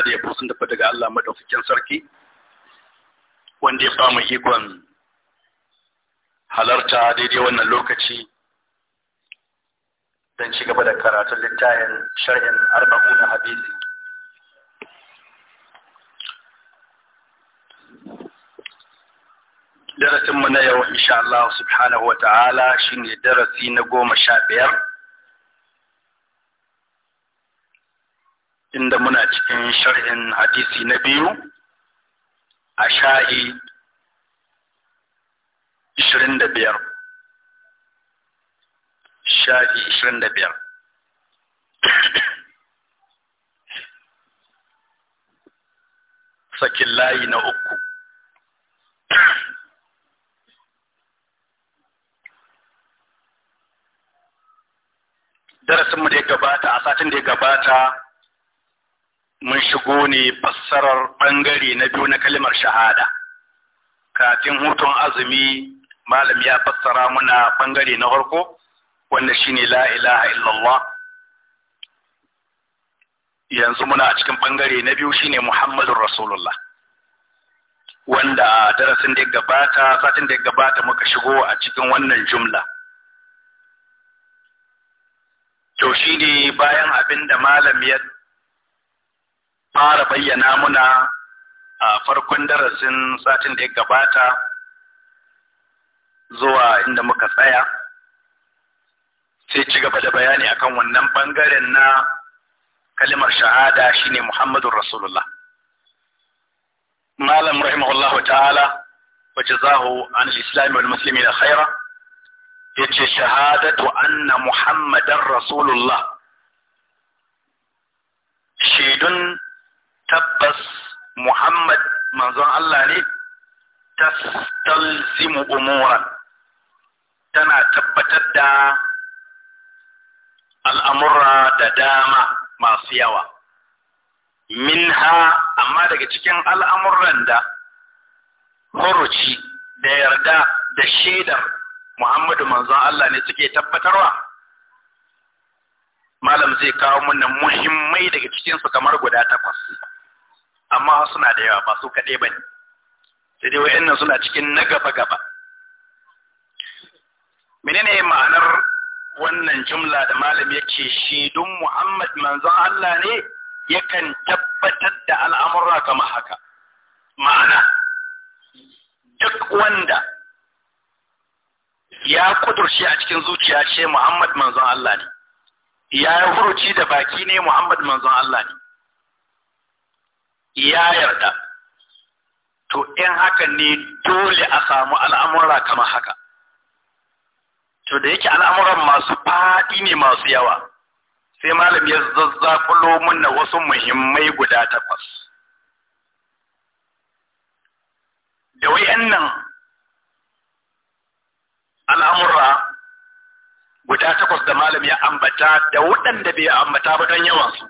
godiya da yabo sun tafi daga Allah madaukakin sarki wanda ya bamu ikon halarta daidai wannan lokaci don ci gaba da karatun littafin sharhin na hadisi darasinmu na yau insha Allah subhanahu wa ta'ala shi ne darasi na goma sha biyar inda muna cikin sharhin hadisi na biyu a sha'i 25 da 25 sakin layi na uku darasinmu da ya gabata a satin da ya gabata mun shigo ne fassarar ɓangare na biyu na kalmar shahada kafin hutun azumi malam ya fassara muna ɓangare na farko wanda shine la ilaha illallah yanzu muna a cikin ɓangare na biyu shine muhammadun rasulullah wanda darasin da gabata satin da gabata muka shigo a cikin wannan jumla to shine bayan abin da malam ya fara bayyana muna a farkon darasin satin da ya gabata zuwa inda muka tsaya sai ci gaba da bayani akan wannan bangaren na kalimar shahada shine Muhammadun Rasulullah malam rahimahullahu ta'ala وجزاه عن الإسلام والمسلمين خيرا يجي شهادة shahadatu anna رسول rasulullah شهد tabbas Muhammad manzon Allah ne tastalzimu umuran tana tabbatar da al'amura da dama masu yawa minha amma daga cikin al'amuran da huruci da yarda da shaidar Muhammadu manzon Allah ne suke tabbatarwa malam zai kawo mana muhimmai daga cikinsu kamar guda takwas amma suna da yawa ba su kaɗai ba ne sai dai wa'annan suna cikin na gaba-gaba menene ma'anar wannan jumla da malam yake shi don muhammad manzon Allah ne yakan tabbatar da al'amurra kama haka ma'ana duk wanda ya kudurci a cikin zuciya ce muhammad manzon Allah ne ya yi huruci da baki ne muhammad manzon Allah ne ya yarda to in haka ne dole a samu al'amura kamar haka to da yake al'amuran masu faɗi ne masu yawa sai malam ya zazzakulo na wasu muhimmai guda takwas da wayannan al'amura guda takwas da malam ya ambata da waɗanda bai ambata ba don yawansu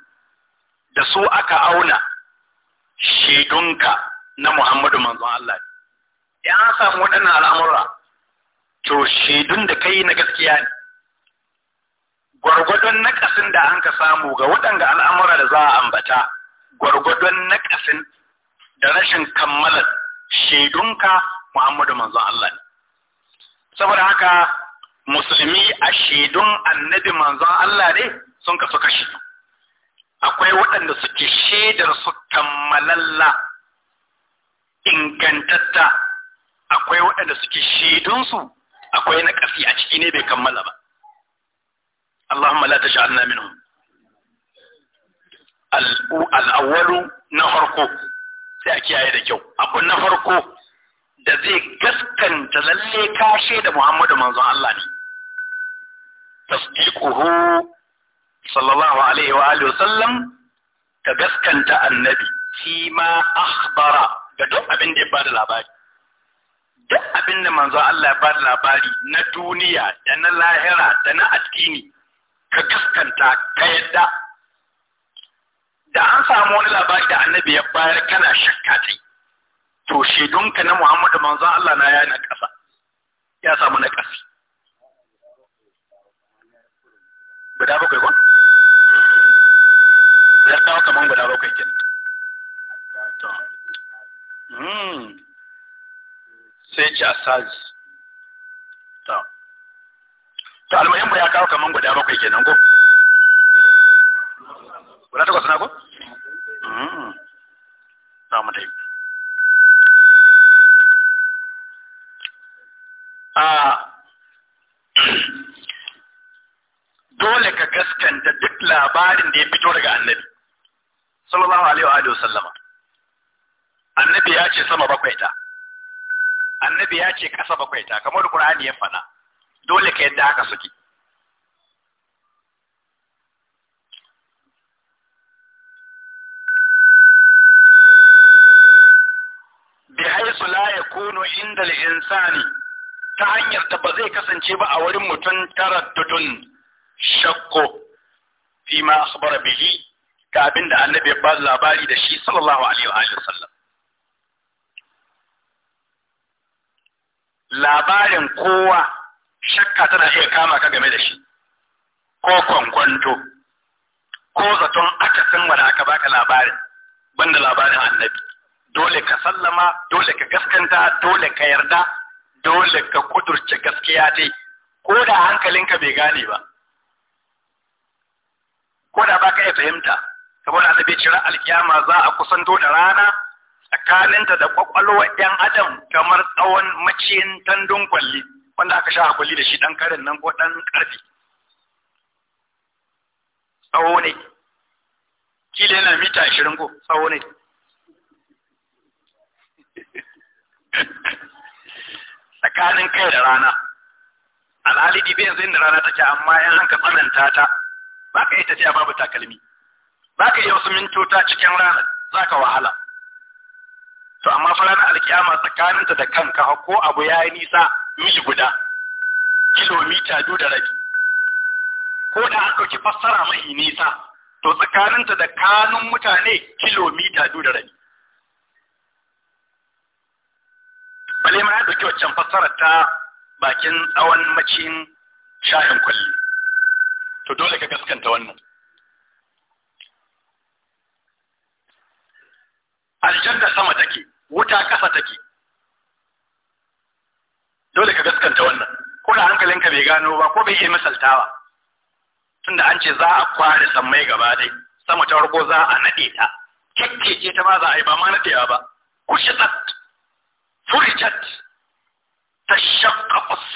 da su aka auna shaidunka na Muhammadu manzon Allah ya an samu waɗannan al'amura to shaidun da kai na gaskiya ne gwargwadon nakasin da an ka samu ga waɗanda al'amura da za a ambata gwargwadon nakasin da rashin kammalar shaidunka Muhammadu manzon Allah ne saboda haka musulmi a shaidun annabi manzon Allah ne sun kasu kashi akwai waɗanda suke shaidar su kammalalla ingantatta akwai waɗanda suke shaidunsu akwai na a ciki ne bai kammala ba Allahumma la taj'alna minhum al-awwalu na farko sai a kiyaye da kyau abu na farko da zai gaskanta lalle kashe da Muhammadu manzon Allah ne tasdiquhu sallallahu alaihi wa alihi wasallam ka gaskanta annabi shi ma akhbara da duk abin da ya bada labari duk abin da manzo Allah ya bada labari na duniya da na lahira da na addini ka gaskanta ka yadda da an samu wani labari da annabi ya bayar kana shakka tai to shedunka na Muhammadu manzo Allah na yana kasa ya samu na kasa guda bakwai kwan ya kawo kaman guda bakwai kenan to hmm. sai ci asali to to almuhimmu ya kawo kaman guda bakwai kenan ko guda takwas na ko ta hmm. mu dai a dole ka gaskanta duk labarin da ya fito daga annabi sallallahu alaihi wa sallama annabi ya ce sama bakwai ta annabi ya ce kasa bakwai ta kamar qur'ani ya faɗa dole ka yadda haka suke bihaisu la yakunu inda al-insani ta hanyar ta ba zai kasance ba a wurin mutum taraddudun shakko fi ma akhbara bihi ga abin da annabi ya ba labari da shi sallallahu alaihi wa sallam labarin kowa shakka tana iya kama ka game da shi ko kwankwanto ko zaton aka san wani aka baka labarin banda labarin annabi dole ka sallama dole ka gaskanta dole ka yarda dole ka kudurce gaskiya dai ko da hankalinka bai gane ba ko da baka iya fahimta saboda annabi ce ran alkiyama za a kusanto da rana tsakaninta da kwakwalwa ɗan adam kamar tsawon maciyin tandun kwalli wanda aka sha kwalli da shi ɗan karin nan ko ɗan ƙarfi tsawo ne kila yana mita ashirin ko tsawo ne tsakanin kai da rana alhali dibe yanzu inda rana take amma yan hanka tsananta ta ba ka yi tafiya babu takalmi za ka yi wasu mintota cikin ranar za ka wahala to amma fa ranar alkiyama tsakaninta da kanka ko abu ya yi nisa mil guda kilomita biyu da rabi ko da an ɗauki fassara mai nisa to tsakaninta da kanun mutane kilomita biyu da rabi bale ma ya ɗauki waccan fassarar ta bakin tsawon macin shayin kwalli to dole ka gaskanta wannan aljanna sama take wuta kasa take dole ka gaskanta wannan ko da hankalinka bai gano ba ko bai iya misaltawa tunda an ce za a kware sammai gaba dai sama ta farko za a naɗe ta kekkece ta ba za a yi ba ma nade ba kushitat furijat ta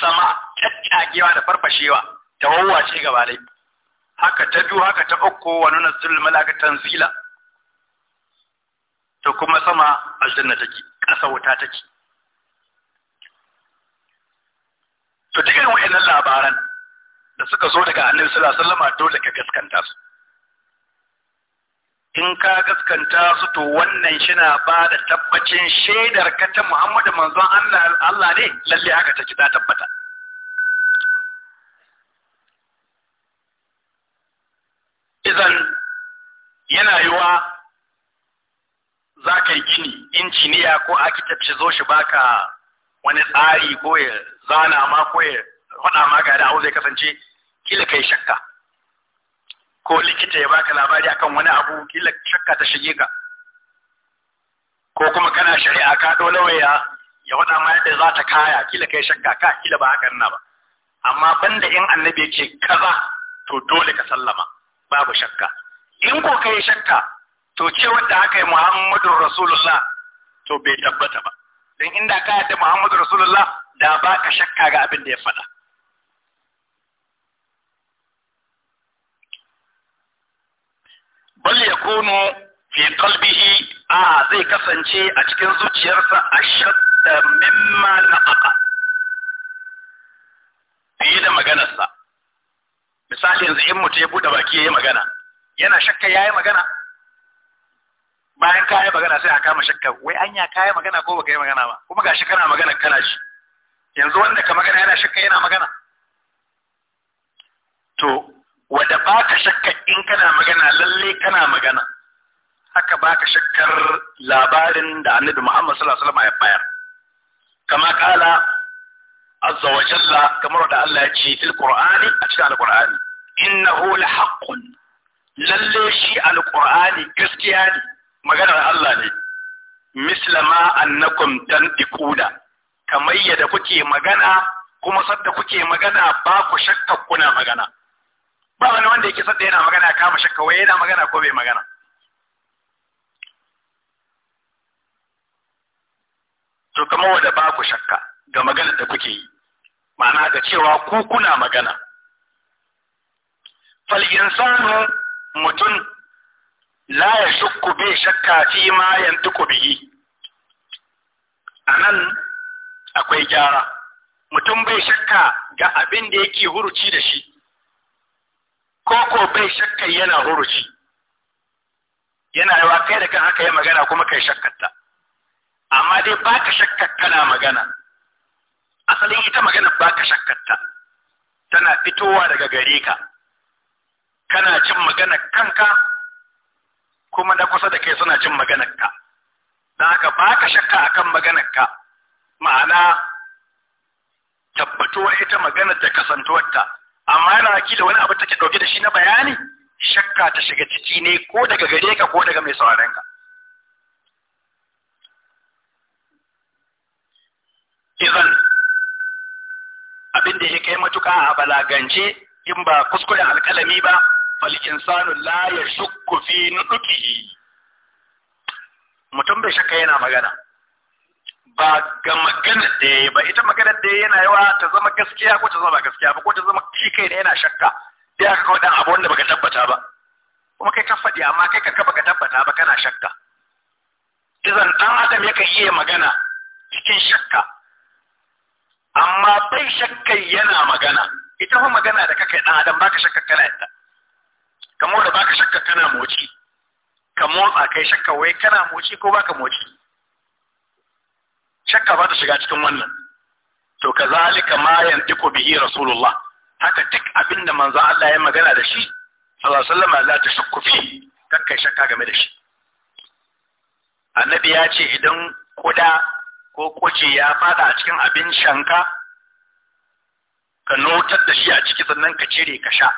sama tattagewa da farfashewa ta wawwace gaba dai haka ta biyu haka ta uku wa nuna zulmala ka tanzila to kuma sama aljanna take ƙasa wuta take to dukkan wa'annan labaran da suka zo daga annabi sallallahu alaihi wasallam dole ka gaskanta su in ka gaskanta su to wannan shina ba da tabbacin shaidar ka ta Muhammadu manzon Allah Allah ne lalle haka take ta tabbata idan yana yiwa za ka yi gini injiniya ko a zo shi baka wani tsari ko ya zana ma ko ya faɗa ma ga da zai kasance kila kai shakka ko likita ya baka labari akan wani abu kila shakka ta shige ka ko kuma kana shari'a ka dole waya ya faɗa ma yadda za ta kaya kila kai shakka ka kila ba haka na ba amma banda in annabi yake kaza to dole ka sallama babu shakka in ko kai shakka to ce wanda aka yi Muhammadu Rasulullah to bai tabbata ba don inda ka yadda Muhammadu Rasulullah da ba ka shakka ga abin da ya faɗa bal kono fi qalbihi a zai kasance a cikin zuciyarsa a shadda mimma nafaqa yi da maganarsa misali yanzu in mutu ya buɗe baki ya yi magana yana shakka ya yi magana bayan kayi magana sai a kama shakka wai anya kayi magana ko baka yi magana ba kuma gashi kana magana kana shi yanzu wanda ka magana yana shakka yana magana to wanda baka shakka in kana magana lalle kana magana haka baka shakkar labarin da annabi Muhammad sallallahu alaihi wasallam ya bayar kama kala azza wa jalla kamar da Allah ya ce fil qur'ani a cikin alqur'ani innahu lahaqqun lalle shi alqur'ani gaskiya ne maganar Allah ne mislama annakum tantiquna kamar yadda kuke magana kuma sadda kuke magana ba ku shakka kuna magana ba wani wanda yake sadda yana magana kama shakka wai yana magana ko bai magana to kamar wanda ba ku shakka ga maganar da kuke yi ma'ana ga cewa ku kuna magana fal insanu mutum la ya shukku bai shakka fi ma yantuku bihi anan akwai gyara mutum bai shakka ga abin da yake huruci da shi ko ko bai shakka yana huruci yana yawa kai da kan haka ya magana kuma kai shakkarta amma dai baka shakkar kana magana asalin ita magana baka shakkarta tana fitowa daga gare ka kana cin magana kanka kuma na kusa da kai suna jin maganarka da haka ba ka shakka akan maganarka ma'ana tabbatuwa ita maganar da kasantuwarta amma yana waki da wani abu take dauke da shi na bayani shakka ta shiga ciki ne ko daga gare ka ko daga mai sauraron ka idan abin da ya kai matuka a balagance in ba kuskuren alkalami ba bal insanu la yashukku fi nudukihi mutum bai shakka yana magana ba ga magana da ya ba ita magana da yana yawa ta zama gaskiya ko ta zama ba gaskiya ba ko ta zama kai da yana shakka da ka kawo ɗan abu wanda baka tabbata ba kuma kai ka faɗi amma kai ka baka tabbata ba kana shakka idan ɗan adam ya yakan iya magana cikin shakka amma bai shakkai yana magana ita fa magana da kakai ɗan adam baka shakka kana yadda kamar da baka shakka kana moci ka motsa kai shakka wai kana moci ko baka moci shakka ba ta shiga cikin wannan to kazalika ma yantiqu bihi rasulullah haka duk abinda manzo Allah ya magana da shi sallallahu alaihi wasallam la tashakku fi kakkai shakka game da shi annabi ya ce idan kuda ko kuce ya fada a cikin abin shanka ka notar da shi a ciki sannan ka cire ka sha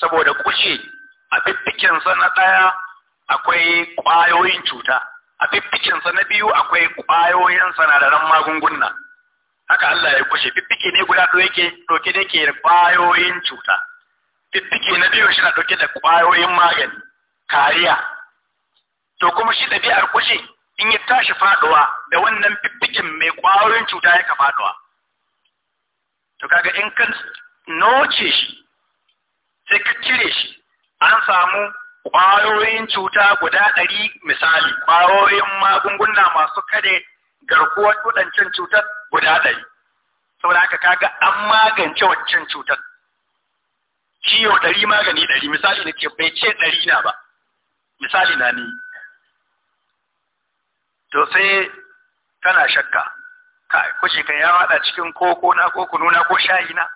saboda kuce a fiffikensa na ɗaya akwai ƙwayoyin cuta a fiffikensa na biyu akwai ƙwayoyin sanadaran magunguna haka Allah ya kushe fiffike ne guda ɗaya yake ɗauke da ke ƙwayoyin cuta fiffike na biyu shi na ɗauke da ƙwayoyin magani kariya to kuma shi ɗabi'ar kushe in ya tashi faɗuwa da wannan fiffikin mai ƙwayoyin cuta yaka faɗuwa to kaga in kan noce shi samu ƙwayoyin cuta guda ɗari misali ƙwayoyin magunguna masu kare garkuwar waɗancan cutar guda ɗari saboda haka kaga an magance waccan cutar ciwo ɗari magani ɗari misali na ke bai ce ɗari na ba misali na ni to sai tana shakka kai kuce kan ya haɗa cikin koko na ko kununa, ko shayi na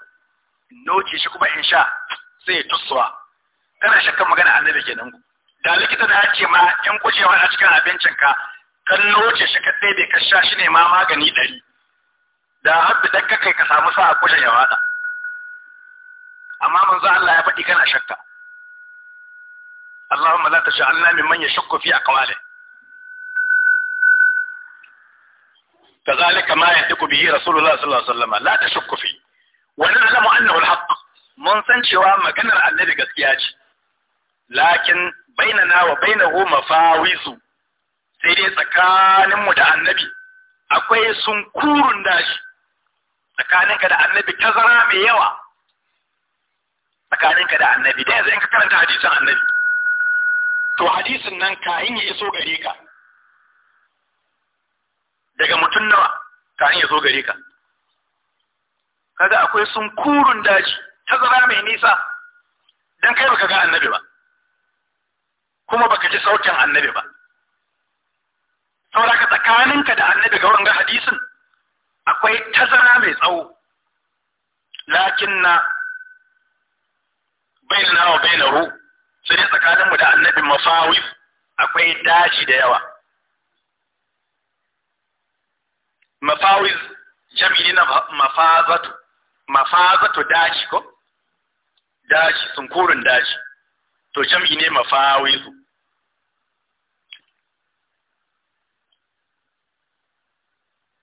noce shi kuma in sha sai ya tussuwa kana shakkan magana annabi kenan ku da likita na ce ma in kujewa a cikin abincin ka kan loce shi kadai bai ka sha shi ne ma magani ɗari da har da dakka kai ka samu sa a kuje ya wada amma manzo Allah ya faɗi kana shakka Allahumma la taj'alna mimman yashukku fi aqwalihi كذلك ما يهدك به رسول الله صلى الله عليه وسلم لا تشك فيه ونعلم أنه الحق mun san cewa maganar annabi gaskiya ce lakin bainana wa bainahu mafawisu sai dai tsakaninmu da annabi akwai sunkurun dashi tsakaninka da annabi tazara mai yawa tsakaninka da annabi da yanzu in ka karanta hadisin annabi to hadisin nan kayan ya iso gare ka daga mutum nawa kayan ya zo gare ka kaga akwai sunkurun daji tazara mai nisa dan kai baka ga annabi ba kuma baka ji sautin annabi ba saboda ka tsakaninka da annabi ga wanga hadisin akwai tazara mai tsawo lakinna bainana wa bainahu sai dai tsakaninmu da annabi mafawif akwai daji da yawa mafawif jami'i na mafazatu mafazatu daji ko daji sunkurin daji to jam'i ne mafawizu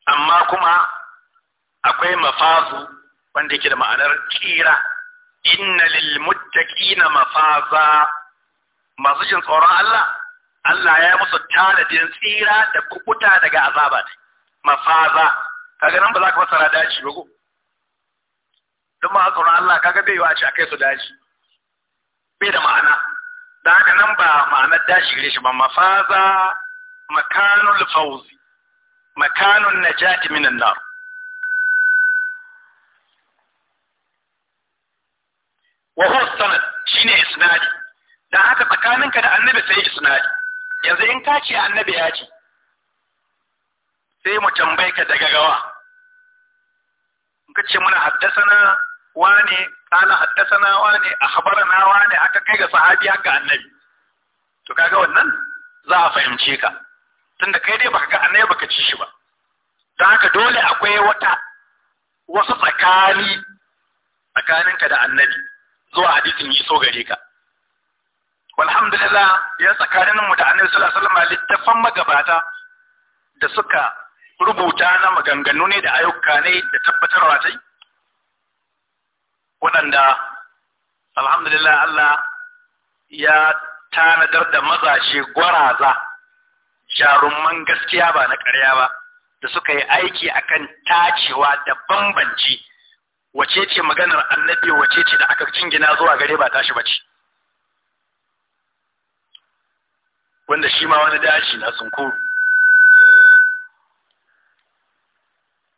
amma kuma akwai mafazu wanda yake da ma'anar tsira inna lil muttaqina mafaza masu jin tsoron Allah Allah ya musu tanadin tsira da kukuta daga azaba mafaza kaga nan ba za ka fasara daji ba ko duk ma tsoron Allah kaga bai yi a ce akai su daji bai da ma'ana da haka nan ba ma'anar dashi gare shi ba mafaza makanun fauzi makanun najati minan nar wa sanad shine isnadi da haka tsakaninka da annabi sai isnadi yanzu in ka ce annabi ya ce sai mu tambaye ka daga gawa in ka ce muna haddasana wane kana haddasana wane akhbarana wane aka kai ga sahabi haka annabi to kaga wannan za a fahimce ka tunda kai dai baka ga annabi baka ci shi ba don haka dole akwai wata wasu tsakani tsakaninka da annabi zuwa hadisin yi so gare ka walhamdulillah ya tsakanin mu da annabi sallallahu alaihi wasallam littafan magabata da suka rubuta na maganganu ne da ayyuka ne da tabbatarwa tai waɗanda alhamdulillah Allah ya tanadar da mazashe gwaraza jarumman gaskiya ba na ƙarya ba da suka yi aiki akan tacewa da bambanci wace ce maganar annabi wace ce da aka jingina zuwa gare ba tashi ce, wanda shi ma wani dashi na sunkuru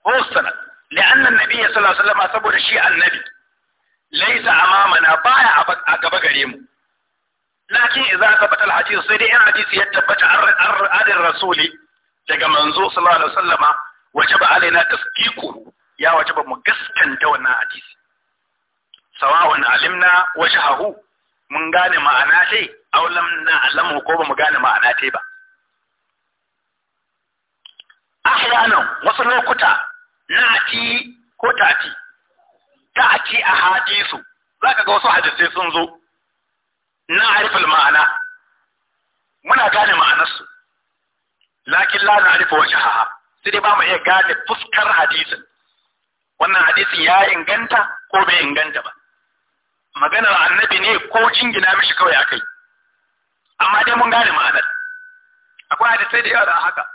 Hosana, li'annan Nabi sallallahu Alaihi wasallama saboda shi annabi, laisa amamana baya a gaba gare mu lakin idza tabata alhadith sai dai in hadisi ya tabbata adin rasuli daga manzo sallallahu alaihi wasallama wajaba alaina tasdiqu ya wajaba mu gaskanta wannan hadisi sawa'un alimna shahahu mun gane ma'ana tai aw lam na'lamu ko ba mu gane ma'ana tai ba ahyanan wasu lokuta ati ko tati a a hadisu, za ka ga wasu hadisai sun zo na harfin ma'ana muna gane ma'anarsu lakin la na'rifu wajhaha sai dai ba mu iya gane fuskar hadisin wannan hadisin ya inganta ko bai inganta ba maganar annabi ne ko jingina mishi kawai akai amma dai mun gane ma'anar akwai hadisai da yawa da haka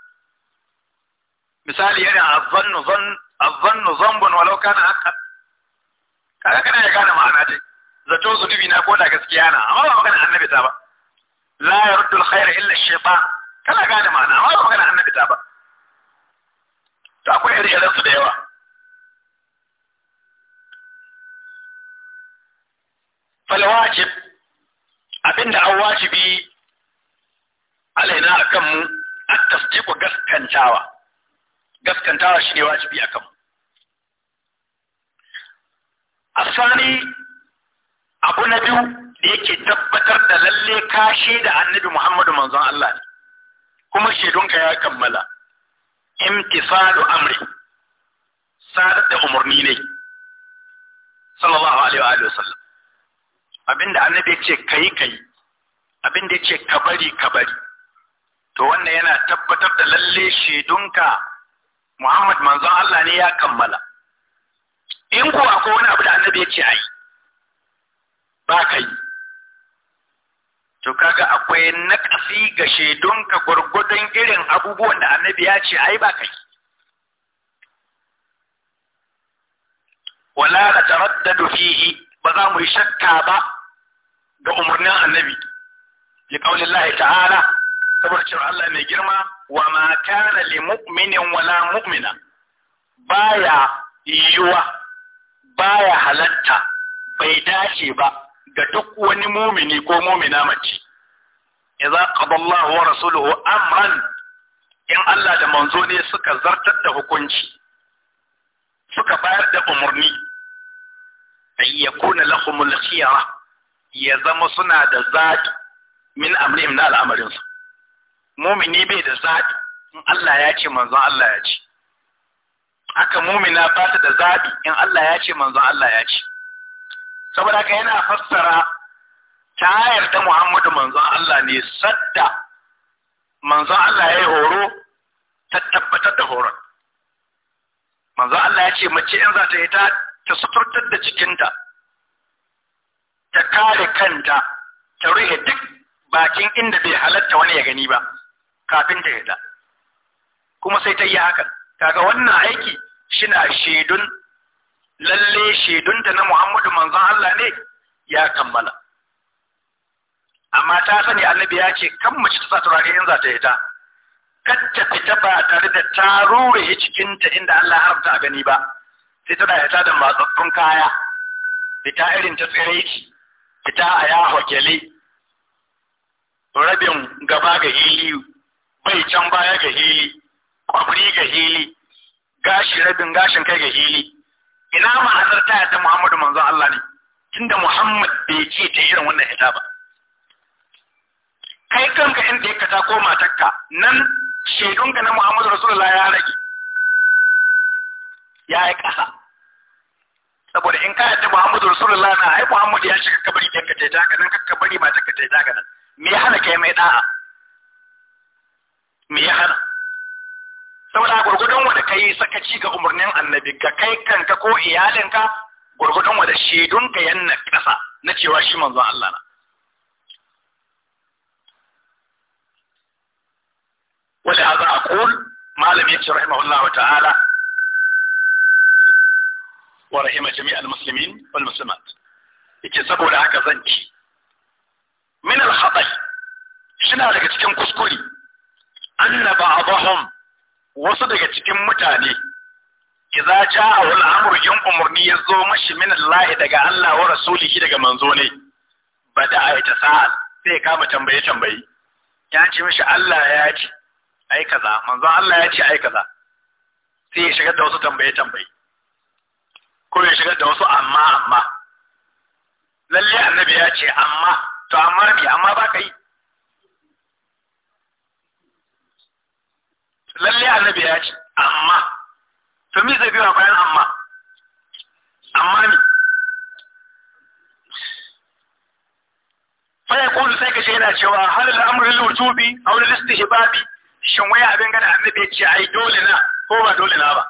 misali yana zan zannu zanbun walau kana haqqan A kaga kana ya gane ma'ana dai zato zunubi na ko da gaskiya na amma ba magana annabi ta ba la yaruddu alkhayra illa ash-shaytan kana gane ma'ana amma ba magana annabi ta ba to akwai irin su da yawa fal wajib abinda an wajibi alaina akan mu at-tasdiqu gaskantawa gaskantawa shine wajibi akan mu asani abu na biyu da yake tabbatar da lalle ka shaida annabi Muhammadu manzon Allah ne kuma shaidunka ya kammala imtisalu amri sadar da umarni ne sallallahu alaihi wa alihi wasallam abinda annabi yace kai kai abinda yace kabari- kabari, to wannan yana tabbatar da lalle shaidunka Muhammad manzon Allah ne ya kammala in ko akwai wani abu da annabi ya ce a yi ba ka yi to kaga akwai naƙasi ga ka gwargwadon irin abubuwan da annabi ya ce a yi ba ka yi wala na taraddadu fihi ba za mu yi shakka ba ga umarnin annabi li qaulillahi ta'ala saboda cewa Allah mai girma wa ma kana li mu'minin wala mu'mina baya yiwa baya halatta bai dace ba ga duk wani mumini ko mumina mace idza qada Allahu wa rasuluhu amran in Allah da manzo ne suka zartar da hukunci suka bayar da umarni ay yakuna lahumul khiyara ya zama suna da zaɓi min amrihim na al'amarin su. mumini bai da zaɓi in Allah ya ce manzon Allah ya ce haka mumina ba ta da zaɓi in Allah ya ce manzon Allah ya ce saboda haka yana fassara tayar ta Muhammadu manzon Allah ne sadda manzon Allah ya yi horo ta tabbatar da horon manzon Allah ya ce mace in za ta yi ta ta suturtar da cikinta ta kare kanta ta rufe duk bakin inda bai halatta wani ya gani ba kafin ta yi ta kuma sai ta yi hakan kaga wannan aiki shina shaidun lalle shaidunta na Muhammadu manzon Allah ne ya kammala amma ta sani annabi ya ce kan mace ta sa turare in za ta yi ta kar ta fita ba tare da ta rure cikinta inda Allah ya a gani ba sai tana fita da matsattun kaya fita irin ta tsere tsiraici fita a yaho gele rabin gaba ga hili bai can baya ga hili kwabri ga hili gashi rabin gashin kai ga hili ina ma'anar ta yadda Muhammadu manzon Allah ne tunda Muhammad bai ce ta irin wannan ita ba kai kanka in da ta koma matarka nan shaidunka na Muhammadu Rasulullahi ya rage ya yi ƙasa saboda in ka yadda Muhammadu Rasulullahi na ai Muhammadu ya shiga kabari kanka ta ta nan kanka bari ba ta ta nan me ya hana kai mai da'a me ya hana saboda gurgudun wanda kai saka ci ga umurnin annabi ga kai kanka ko iyalinka gurgudun wanda shedun ka yanna kasa na cewa shi manzon Allah na wala hada aqul malami yace rahimahullah ta'ala wa rahima jami'al muslimin wal muslimat yace saboda haka zan ci min al khata' shina daga cikin kuskure anna ba'dahum wasu daga cikin mutane idza a wani amru umarni umurni zo mashi min Allah daga Allah wa rasulihi daga manzo ne bada ai ta sa'al sai kama tambaye tambaye ya ce mishi Allah ya ce ai kaza manzo Allah ya ce ai kaza sai ya shigar da wasu tambaye tambaye ko ya shigar da wasu amma amma lalle annabi ya ce amma to amma bi amma ba ka yi lalle annabi ya ce amma to me zai biyo bayan amma amma ne fa yaqulu sai kace yana cewa hal al-amru lil-wujubi aw lil-istihbabi shin waya abin gana annabi ya ce ai dole na ko ba dole na ba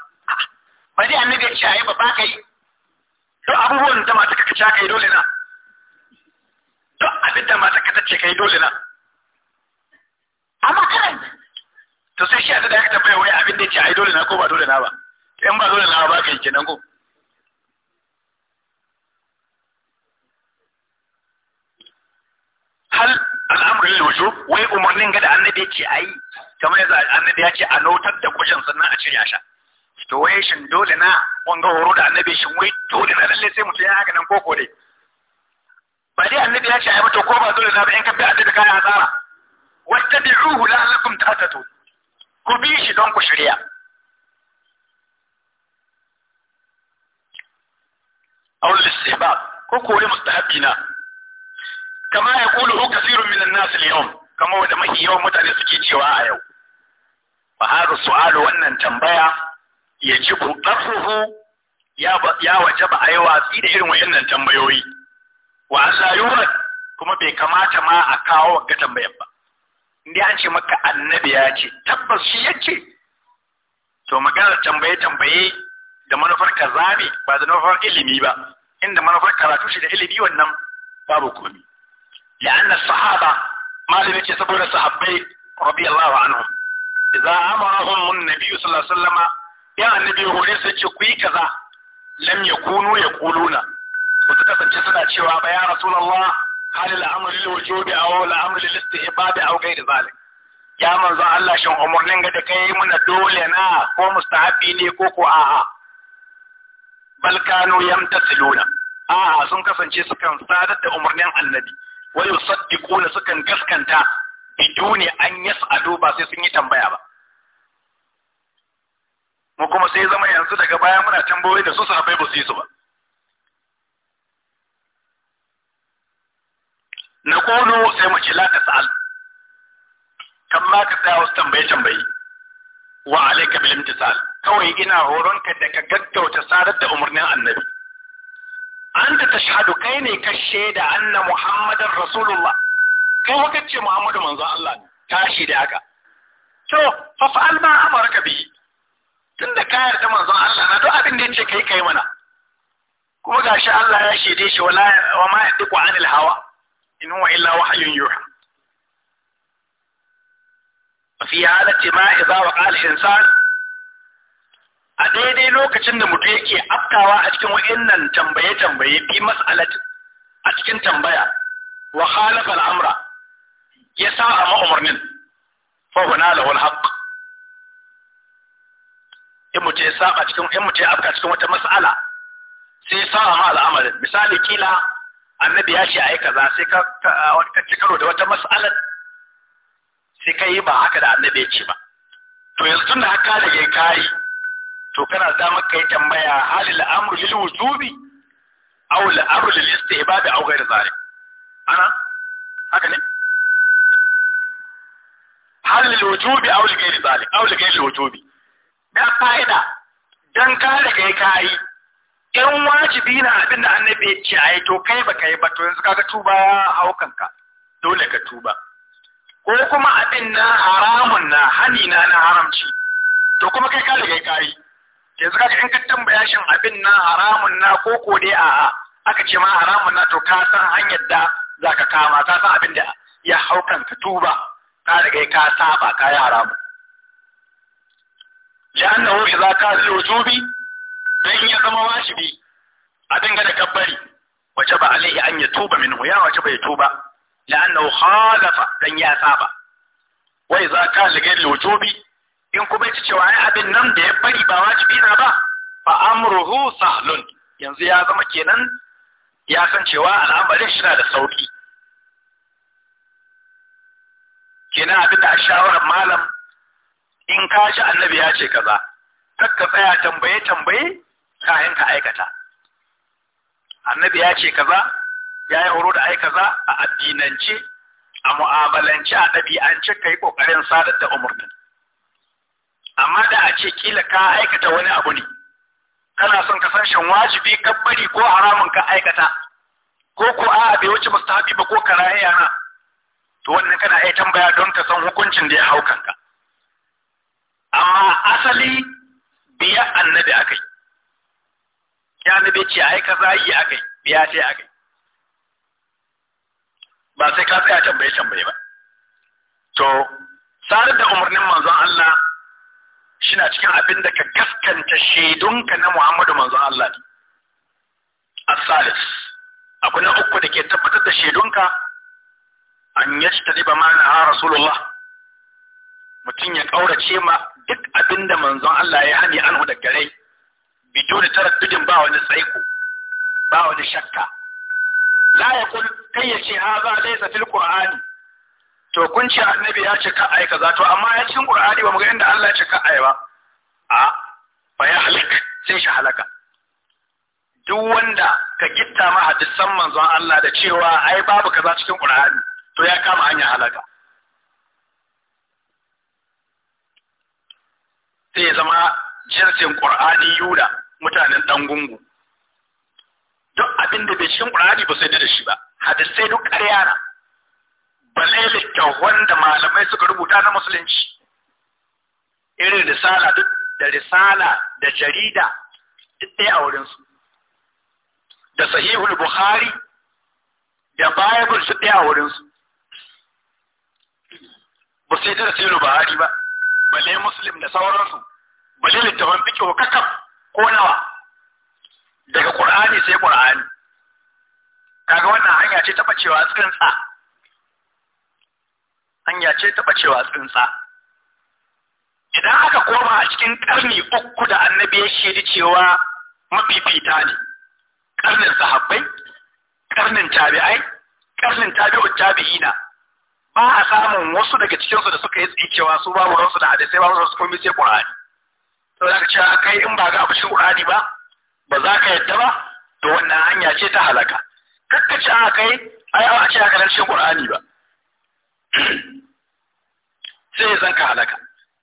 ba dai annabi ya ce ai ba ba kai to abubuwan da mata kaka ta kai dole na to abin da mata kaka ta ce kai dole na amma kana to sai shi a da ya tambaya wai abin da ce ai dole na ko ba dole na ba in ba dole na ba kai kenan ko hal al'amrin lilwujub wai umarnin gada da annabi ce ai kamar yadda annabi ya ce a notar da kushin sannan a cire sha to wai shin dole na wanga horo da annabi shin wai dole na lalle sai mutum ya haka nan koko dai ba dai annabi ya ce ai mutum ko ba dole na ba in ka bi annabi wata bi ruhu la'alakum ta'atatu ku bi shi don ku shirya aul istihbab ko kore mustahabbi na kama ya kulu kasirun min nasu nas al da kama wanda yawan mutane suke cewa a yau Ba hada su'alu wannan tambaya yajibu tarfuhu ya ba a yi watsi da irin wayannan tambayoyi wa an kuma bai kamata ma a kawo ga tambayar ba inda an ce maka annabi ya ce tabbas shi ya ce to maganar tambaye tambaye da manufar kaza ne ba da manufar ilimi ba inda manufar karatu shi da ilimi wannan babu komi la'anna sahaba malami ce saboda sahabbai radiyallahu anhum idza amarahum an-nabi sallallahu alaihi wasallama ya annabi hore su ce ku yi kaza lam yakunu yaquluna wasu kasance suna cewa ba ya rasulullah hal al lil wujubi aw al-amr lil aw ghayr zalik ya manzo Allah shin umurnin ga da kai muna dole na ko mustahabi ne ko ko a'a bal kanu yamtasiluna a'a sun kasance sukan sadar da umurnin annabi wa yusaddiquna sukan gaskanta biduni an yas'alu ba sai sun yi tambaya ba mu kuma sai zama yanzu daga baya muna tambayoyi da su sahabbai ba su yi su ba نقول سيما كلا تسأل كم ما كتاو استنبي شنبي وعليك بالامتصال كوي إنا هورون كدك قد وتسارد أمرنا النبي أنت تشهد كيني كشيد أن محمد رسول الله كيف وقت محمد منظر الله كاشيد أكا تو ففعل ما أمرك به تند كاير تمنظر الله ندو أبن دين شكي كيمنا كما قال الله يشيديش ولا وما يدق عن الهوى إن هو إلا وحي يوحى وفي هذا ما إذا وقع الإنسان أدي دي لوكة جنة مدريكي أبقى وأجكم وإنن تنبيه تنبيه بمسألة أجكم تنبيه وخالف الأمر يساء مؤمر من فهو ناله الحق إمتي ساقة جكم إمتي أبقى جكم وتمسألة سيساء مع الأمر مثال كلا annabi ya ce a yi kaza sai ka ci karo da wata mas'alar sai ka yi ba haka da annabi ya ce ba to yanzu tun da haka da ya kayi to kana da mu yi tambaya halil amru lil wujubi aw al amru lil istihbab aw ghayr zalik ana haka ne halil lil wujubi aw al ghayr zalik aw al ghayr wujubi da fa'ida dan ka da kai kayi in wajibi na abin da annabi ya ce ai to kai ba kai ba to yanzu kaga tuba ya hau kanka dole ka tuba ko kuma abin na haramun na hani na na haramci to kuma kai ka riga kai yanzu kaga in ka tambaya shin abin na haramun na ko ko dai a'a aka ce ma haramun na to ka san hanyar da za ka kama ka san abin da ya hau kanka tuba ka riga ka saba ka yi haramun لأنه idza كان لوجوبي dan ya zama wajibi a dinga da kabbari wace ba alaihi an ya tuba min? ya wace bai tuba la'annahu khalafa dan ya saba wai za ka da wujubi in kuma ya cewa ai abin nan da ya bari ba wajibi na ba fa amruhu sahlun yanzu ya zama kenan ya san cewa al'amarin shi na da sauki kina abin da a shawarar malam in ka ji annabi ya ce kaza kakka tsaya tambaye tambaye kayan ka aikata annabi ya ce kaza ya yi horo da ai kaza a addinance a mu'amalance a ɗabi'ance ka yi ƙoƙarin sadar da umurnin amma da a ce kila ka aikata wani abu ne kana son ka san shan wajibi gabbari ko haramun ka aikata ko ko a bai wuce mustahabi ba ko karaya na to wannan kana iya tambaya don ka san hukuncin da ya hau kanka amma asali biya annabi akai sai annabi ce ai ka yi akai biya sai akai ba sai ka tsaya tambaye tambaye ba to sarar da umarnin manzon Allah shina cikin abin da ka gaskanta shaidunka na Muhammadu manzon Allah ne as-salis na uku da ke tabbatar da shaidunka an ta ba mana ha rasulullah mutum ya kaurace ma duk abin da manzon Allah ya hani hu da gare biduni taraddudin ba wani tsaiko ba wani shakka la yaqul kai ya ce ha za laysa fil qur'ani to kun ce annabi ya ce ka ai kaza to amma ya cikin qur'ani ba mu ga inda Allah ya ce ka ai ba a fa ya halak sai shi halaka duk wanda ka gitta ma hadisan manzon Allah da cewa ai babu kaza cikin qur'ani to ya kama hanya halaka sai ya zama jirgin qur'ani yuda mutanen ɗan gungu duk abin da bai cikin ƙur'ani ba sai da shi ba hadisai duk ƙarya na balle littafan da malamai suka rubuta na musulunci irin risala duk da risala da jarida duk ɗaya a wurinsu da sahihul bukhari da bible duk ɗaya a wurinsu ba sai da rasulu buhari ba balle muslim da sauransu balle littafan fiqh kakaf ko nawa daga Qur'ani sai Qur'ani kaga wannan hanya ce ta bacewa tsinsa hanya ce ta bacewa tsinsa idan aka koma a cikin karni uku da annabi ya shaidi cewa mafifita ne karnin sahabbai karnin tabi'ai karnin tabi'ut tabi'ina ba a samun wasu daga cikinsu da suka yi tsikewa su babu ransu da hadisai babu ransu komai sai Qur'ani to za kai in ba ga abu cikin ba ba za ka yadda ba to wannan hanya ce ta halaka kakka ci a kai ai a ce a nan cikin ƙur'ani ba sai zan ka halaka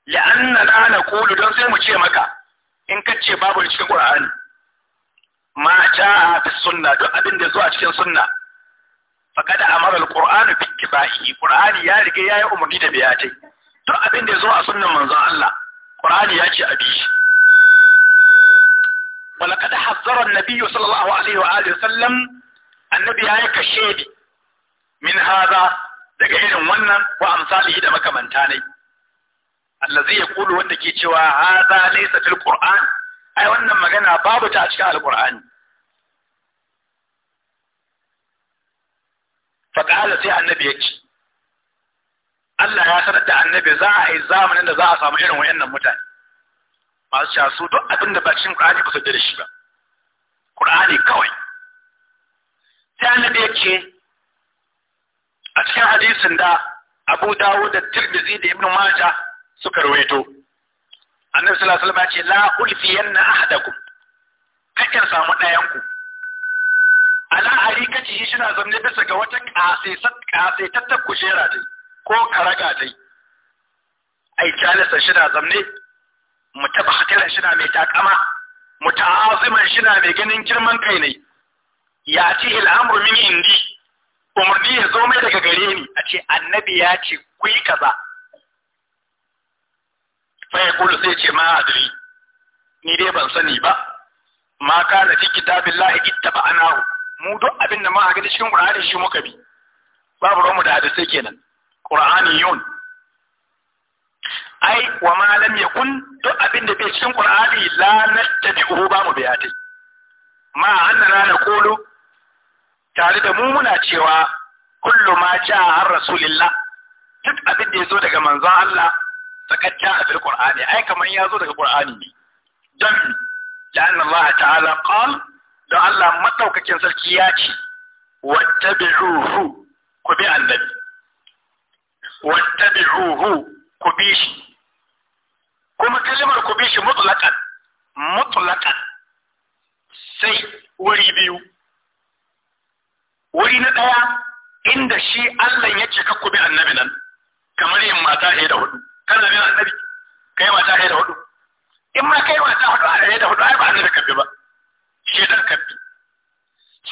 la'anna la naqulu don sai mu ce maka in ka ce babu cikin ƙur'ani. ma ta fi sunna duk abin da zuwa cikin sunna faqad amara al-Qur'anu bi ittibahi Qur'ani ya rige yayi umarni da biyatai duk abin da zuwa sunnan manzon Allah Qur'ani ya ce a bi shi walaqad hazzara an-nabiy sallallahu alaihi wa alihi sallam annabi ya yi kashedi min hada daga irin wannan wa amsalihi da makamanta ne allazi yaqulu wanda ke cewa haza laysa fil qur'an ai wannan magana babu ta a cikin Al-Qur'ani. qala sai annabi ya ce Allah ya sanar da annabi za a yi zamanin da za a samu irin wayannan mutane masu cewa su duk abin da ba cikin Qur'ani ba su da shi ba Qur'ani kawai sai annabi yake a cikin hadisin da Abu Dawud da Tirmidhi da Ibn Majah suka rawaito annabi sallallahu alaihi wasallam ya ce la ulfiyanna ahadakum kakkan samu ɗayan ku ala arikaci shi na zamne bisa ga wata kasaitattar kujera dai ko ka raga dai ai kyalisa shi na zamne mu taba hatiran shi na mai takama mu ta'aziman shi na mai ganin girman kai ne ya ci al'amru min indi umarni ya zo mai daga gare ni a ce annabi ya ce ku yi kaza fa ya kulu sai ce ma adri ni dai ban sani ba ma kana fi kitabillahi ittaba anahu mu duk abin da muka ga cikin Qur'ani shi muka bi babu romu da hadisi kenan qur'aniyun ai wa ma ya yakun duk abin bai cikin ƙur'ani la nattabi'uhu ba mu biyati ma annana naqulu tare da mu muna cewa kullu ma jaa an rasulillah duk abinda da yazo daga manzon Allah sakacca a fil ƙur'ani, ai kamar ya zo daga ƙur'ani ne dan لأن Allah, mataukakin sarki ya الله متوكك سلكياتي ku bi annabi wattabi'uhu ku bi shi kuma kalmar ku bi shi mutlaqan mutlaqan sai wuri biyu wuri na daya inda shi Allah ya ce ku bi annabi nan kamar yin mata ɗaya da hudu kan zabi annabi kai mata ɗaya da hudu in ma kai mata hudu a ɗaya da hudu ai ba annabi kabbi ba shi dan kabbi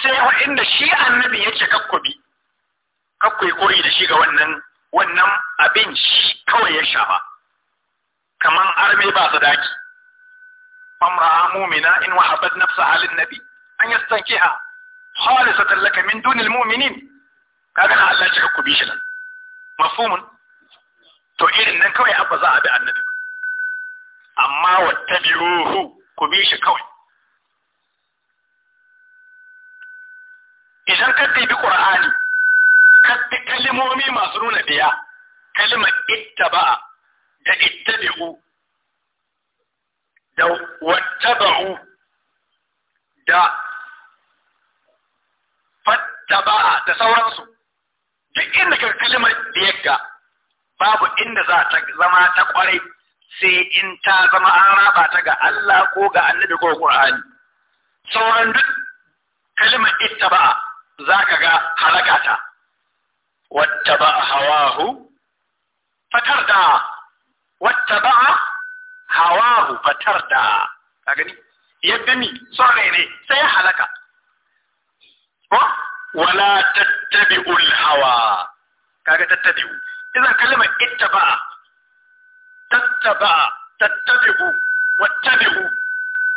sai wa inda shi annabi ya ce ku bi Ka ku yi kuri da shi ga wannan wannan abin shi kawai ya shafa kaman arme ba su daki amra mu'mina in wahabat nafsa lin nabi an yastankiha khalisatan laka min dunil mu'minin kaga na Allah cika kubi shi nan mafhumun to irin nan kawai abba za a bi annabi amma wattabi'uhu kubi shi kawai idan ka bi qur'ani kakkaɓe kalimomi masu nuna biya kalimar ba da Ita-Bihu da wattaba'u da Fata-Baa da sauransu duk inda ka kalmar ga, babu inda za ta zama ta kwarai sai in ta zama an raba ta ga Allah ko ga annabi ko Qur'ani sauran duk kalimar ittaba'a za ka ga halaka ta واتبع هواه fatarda واتبع هواه fatarda ka gani ya سيحلك son ne sai ya halaka ko wala tattabi'ul hawa kaga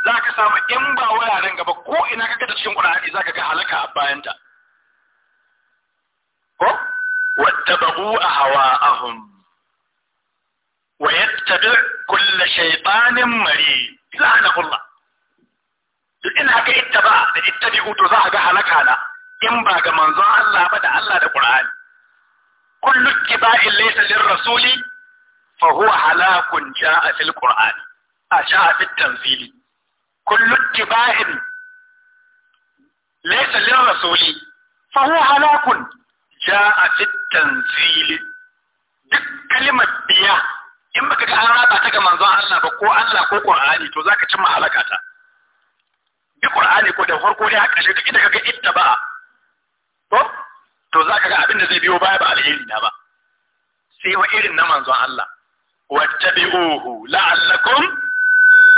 za ka samu in ba wuraren gaba ko ina kaga ta cikin ƙur'ani za ka ga halaka a bayanta ko واتبعوا أهواءهم ويتبع كل شيطان مريض لعنه الله إن هكا اتبع اتبعوا تزاهد حلك لا إن باقى منظر الله بدا الله القرآن كل اتباع ليس للرسول فهو هلاك جاء في القرآن جاء في التنزيل كل اتباع ليس للرسول فهو هلاك ja'a fit tanzili duk kalimar biya in baka ga an raba ta ga manzon Allah ba ko Allah ko Qur'ani to zaka cimma halaka ta da Qur'ani ko da farko dai haka shi duk inda kaga itta ba to to zaka ga abinda zai biyo baya ba alheri na ba sai wa irin na manzon Allah wattabi'uhu la'allakum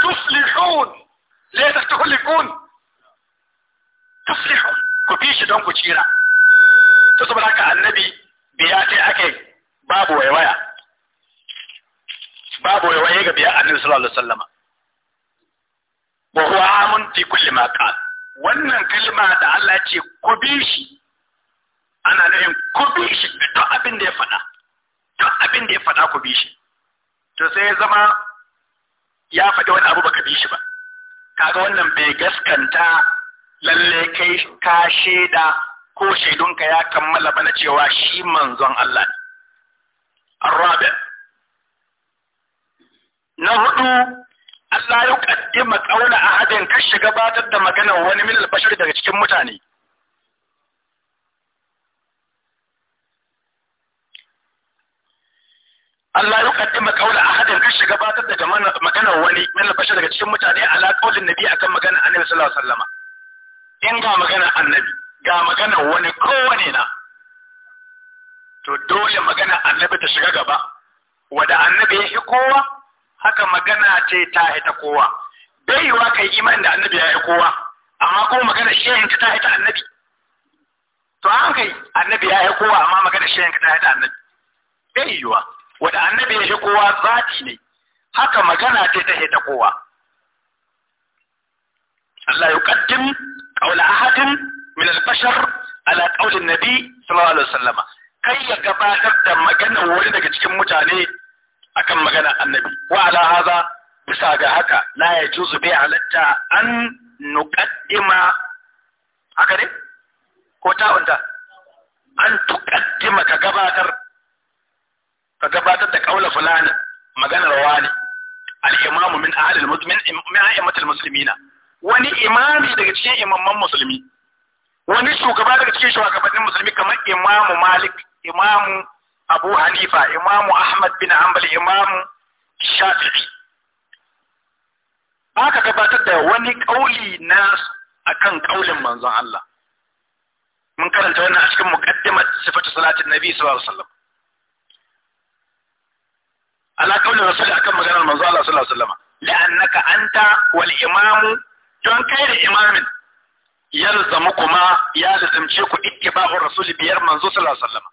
tuflihun la tahlifun tuflihun ku bi shi don ku tsira ta saboda haka annabi biya ta ake babu waiwaya babu waiwaya ga biya annabi sallallahu alaihi wasallam wa huwa amun fi kulli ma qal wannan kalma da Allah ce ku bi shi ana nufin ku bi shi duk abin da ya faɗa duk abin da ya faɗa ku bi shi to sai ya zama ya faɗi wani abu baka bi shi ba kaga wannan bai gaskanta lalle kai ka shaida ko shaidunka ya kammala bana cewa shi manzon Allah ne Arrabe. na hudu Allah ya kaddima a hadin kashe gabatar da magana wani mil bashir daga cikin mutane Allah ya kaddima a hadin kashe gabatar da magana wani mil bashir daga cikin mutane ala kaulin nabi akan magana annabi sallallahu alaihi wasallama in ga magana annabi ga magana wani kowane na to dole magana annabi ta shiga gaba wada annabi ya yi kowa haka magana ce ta ta kowa baiwa ka yi imanin da annabi ya yi kowa amma kuma magana shehin ka ta ta annabi to an kai annabi ya yi kowa amma magana shehin ka ta ta annabi baiwa wada annabi ya yi kowa zati ne haka magana ce ta ta kowa Allah yuqaddim qawla ahadin min al-bashar nabi sallallahu alaihi kai ya gabatar da magana wani daga cikin mutane akan magana annabi wa ala hadha bisa ga haka na yajuzu bi halatta an nuqaddima haka ne ko ta an tuqaddima ka gabatar da kaula fulani maganar wani al-imamu min wani imami daga cikin imamman musulmi wani shugaba daga cikin shugabannin musulmi kamar imamu malik imamu abu hanifa imamu ahmad bin hanbal imamu shafi'i aka gabatar da wani kauli na akan kaulin manzon Allah mun karanta wannan a cikin muqaddimat sifatu salatin nabi sallallahu alaihi wasallam ala kaulin rasul akan maganar manzon Allah sallallahu alaihi wasallam la'annaka anta wal imamu don kai da imamin yalzamu kuma ya lazimce ku babu rasuli, biyar manzo sallallahu alaihi wasallam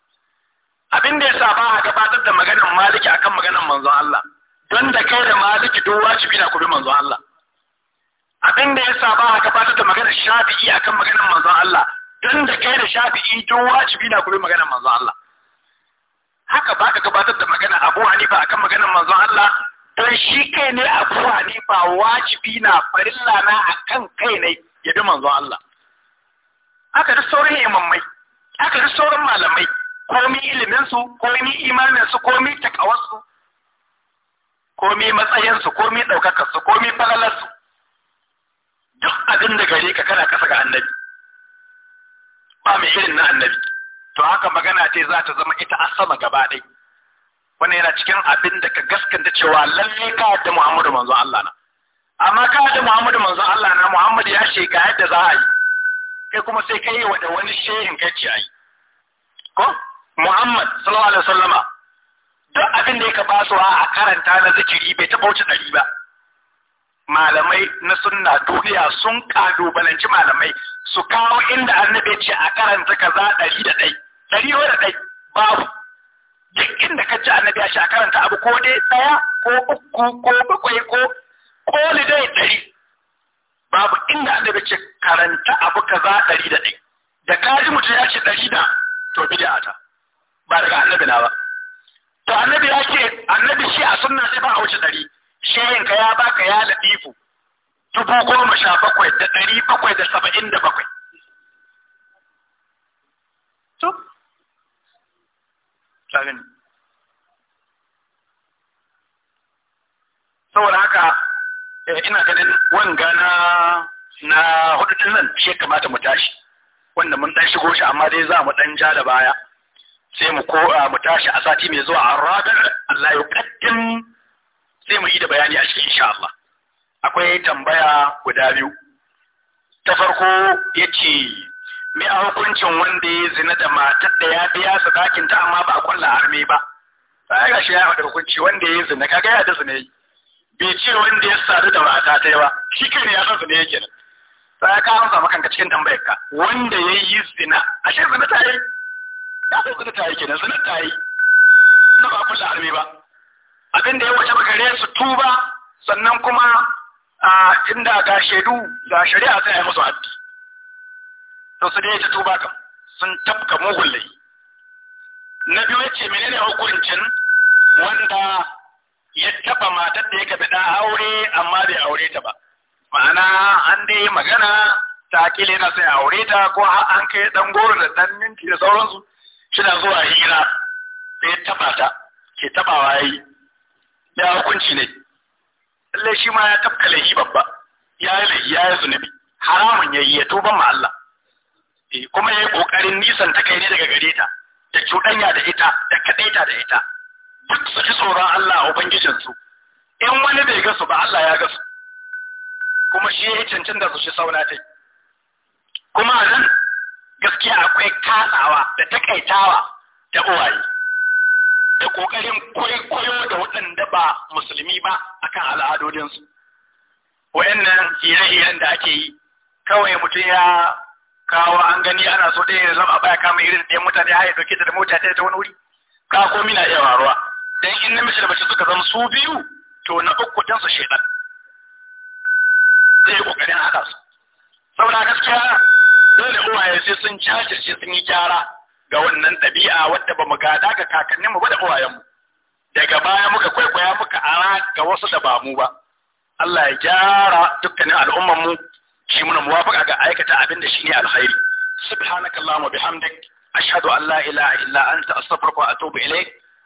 abin da yasa ba a gabatar da maganar maliki akan maganar manzo Allah don da kai da maliki duk wajibi na ku bi manzon Allah abin da yasa ba a gabatar da maganar shafi'i akan maganar manzo Allah don da kai da shafi'i duk wajibi na ku bi maganar manzo Allah haka ba ka gabatar da magana Abu Hanifa akan maganar manzo Allah don shi kai ne Abu Hanifa wajibi na farilla na akan kai ne ya bi manzon Allah aka duk sauran imammai aka da sauran malamai komai iliminsu su imaninsu matsayin takawarsu komai matsayinsu su komai falalar su duk abin da gare ka kana kasa ga annabi ba mai irin na annabi to haka magana ce za ta zama ita a sama gaba ɗaya. wannan yana cikin abin da ka gaskanta cewa lalle ka da Muhammadu manzo Allah na amma ka da Muhammadu manzo Allah na Muhammadu ya ce ga yadda za a yi kai kuma sai kai wa da wani shehin kace ai ko Muhammad sallallahu alaihi wasallama duk abin da yake ba su a karanta na zikiri bai taba wuce dari ba malamai na sunna duniya sun kalubalanci malamai su kawo inda annabi ce a karanta kaza dari da dai dari da dai babu duk inda kace annabi ya shi a karanta abu ko dai daya ko uku ko bakwai ko koli dai ɗari babu inda annabi ce karanta abu kaza ɗari da ɗai da kaji mutum ya ce ɗari da to bid'a ta ba daga annabi na ba to annabi ya ce annabi shi a sunna sai ba a wuce ɗari shehin ka ya baka ya latifu dubu goma sha bakwai da ɗari bakwai da saba'in da bakwai to ta gani wanga na na hudu din nan shi kamata mu tashi wanda mun dan shigo shi amma dai za mu dan ja da baya sai mu ko ah, mu tashi a sati mai zuwa a ranar Allah ya kaddim sai mu yi da bayani a cikin insha Allah akwai tambaya guda biyu ta farko yace me a hukuncin wanda ya zina da matar da ya biya sadakin ta amma ba a kwalla harme ba sai ga shi ya hada hukunci wanda ya zina kaga ya da zina yi bai ce wanda ya sadu da mata ta ba shi kai ne ya san su ne yake nan sai kawo amsa maka kanka cikin tambayar ka wanda ya yi zina a shi zina ta yi ya san zina ta yi kenan zina ta yi na ba kusa harbi ba abin da ya wace bakare su tuba sannan kuma a inda ga shaidu ga shari'a sai ya musu haddi to su dai ta tuba kam sun tafka mugun na biyu ya ce menene hukuncin wanda ya taba matar da ya kafi aure amma bai aure ta ba ma'ana an dai magana ta kile na sai aure ta ko an kai ɗan goro da ɗan minti da sauransu shina zuwa hira sai ya taba ta ke tabawa yi ya hukunci ne lallai shi ma ya tabka lahi babba ya yi lahi ya yi zunubi haramun ya yi ya tuba ma Allah eh, kuma ya yi ƙoƙarin nisan ta kai ne daga gare ta da cuɗanya da ita da kaɗaita da ita duk su ji tsoron Allah a Ubangijinsu, in wani bai gasu ba Allah ya gasu, kuma shi ya cancin da su shi sauna Kuma a nan gaskiya akwai katsawa da takaitawa da uwaye, da ƙoƙarin kwaikwayo da waɗanda ba musulmi ba akan al'adodinsu. Wayannan hire-hiren da ake yi, kawai mutum ya kawo an gani ana so ɗaya da zama baya kama irin ɗaya mutane har ya ɗauke da mota ta wani wuri, ka komi na iya waruwa. dan in namiji da mace suka zama su biyu to na uku dan su shedan zai kokarin hada su saboda gaskiya dole uwaye sai sun shi sun yi gyara ga wannan ɗabi'a wadda ba mu gada ga kakannin mu ba da uwayen mu daga baya muka kwaikwaya muka ara ga wasu da ba mu ba Allah ya gyara dukkanin al'umman mu shi muna muwafaka ga aikata abin da shine alkhairi subhanakallahumma bihamdik ashhadu an la ilaha illa anta astaghfiruka wa atubu ilayk